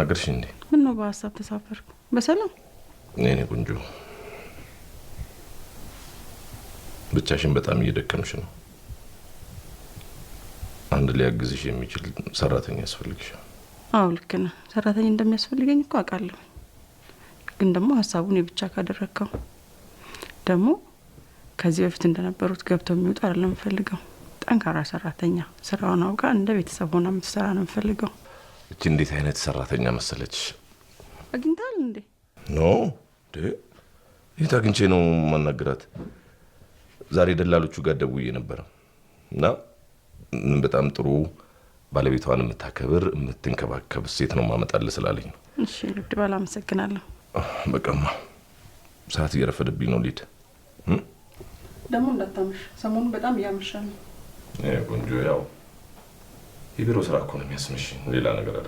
ነገርሽ እንዴ? ምን ነው በሀሳብ ተሳፈርኩ። በሰላም እኔ ቁንጆ ብቻሽን በጣም እየደከምሽ ነው። አንድ ሊያግዝሽ የሚችል ሰራተኛ ያስፈልግሻል። አዎ ልክ ነህ። ሰራተኛ እንደሚያስፈልገኝ እኮ አውቃለሁ። ግን ደግሞ ሀሳቡን የብቻ ካደረግከው ደግሞ ከዚህ በፊት እንደነበሩት ገብተው የሚወጡ አይደለም የምፈልገው። ጠንካራ ሰራተኛ ስራውን አውቃ እንደ ቤተሰብ ሆና የምትሰራ ነው የምፈልገው። እች እንዴት አይነት ሰራተኛ መሰለች። አግኝታል እንዴ? ኖ የት አግኝቼ ነው ማናገራት? ዛሬ ደላሎቹ ጋር ደውዬ ነበረ እና በጣም ጥሩ ባለቤቷን የምታከብር የምትንከባከብ ሴት ነው ማመጣል ስላለኝ ነው። እሺ ልብድ ባል አመሰግናለሁ። በቃማ ሰዓት እየረፈደብኝ ነው ሊድ ደግሞ እንዳታምሽ፣ ሰሞኑን በጣም እያመሻ ነው ቆንጆ ያው የቢሮ ስራ እኮ ነው የሚያስመሽ፣ ሌላ ነገር አይደለም።